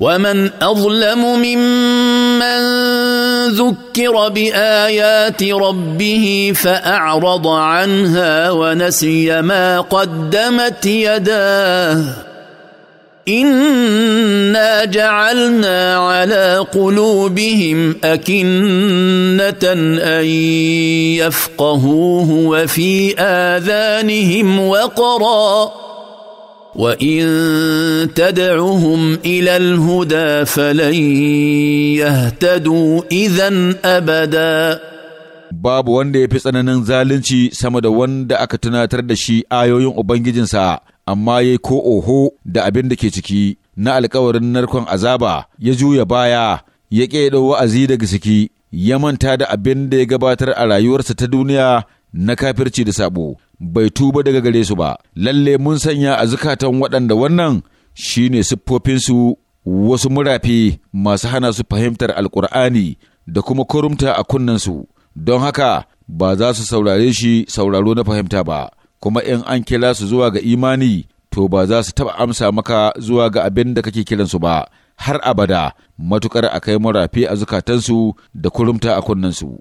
ومن اظلم ممن ذكر بايات ربه فاعرض عنها ونسي ما قدمت يداه انا جعلنا على قلوبهم اكنه ان يفقهوه وفي اذانهم وقرا وان تدعهم الى الهدى فلن يهتدوا اذا ابدا babu wanda ya fi tsananin zalunci sama da wanda aka tunatar da shi ayoyin ubangijinsa amma ya ko oho da abin da ke ciki na alkawarin narkon azaba ya juya baya ya ƙeɗo wa'azi daga ciki ya manta da abin da ya gabatar a rayuwarsa ta duniya na kafirci da sabo bai tuba daga gare su ba lalle mun sanya a zukatan waɗanda wannan shine siffofinsu wasu murafi masu hana su fahimtar alkur'ani da kuma kurumta a kunnensu don haka ba za su saurare shi sauraro na fahimta ba kuma in an kira su zuwa ga imani to ba za su taɓa amsa maka zuwa ga abin da kake kiransu ba har abada matukar a kai murafi a zukatansu da kurumta a su.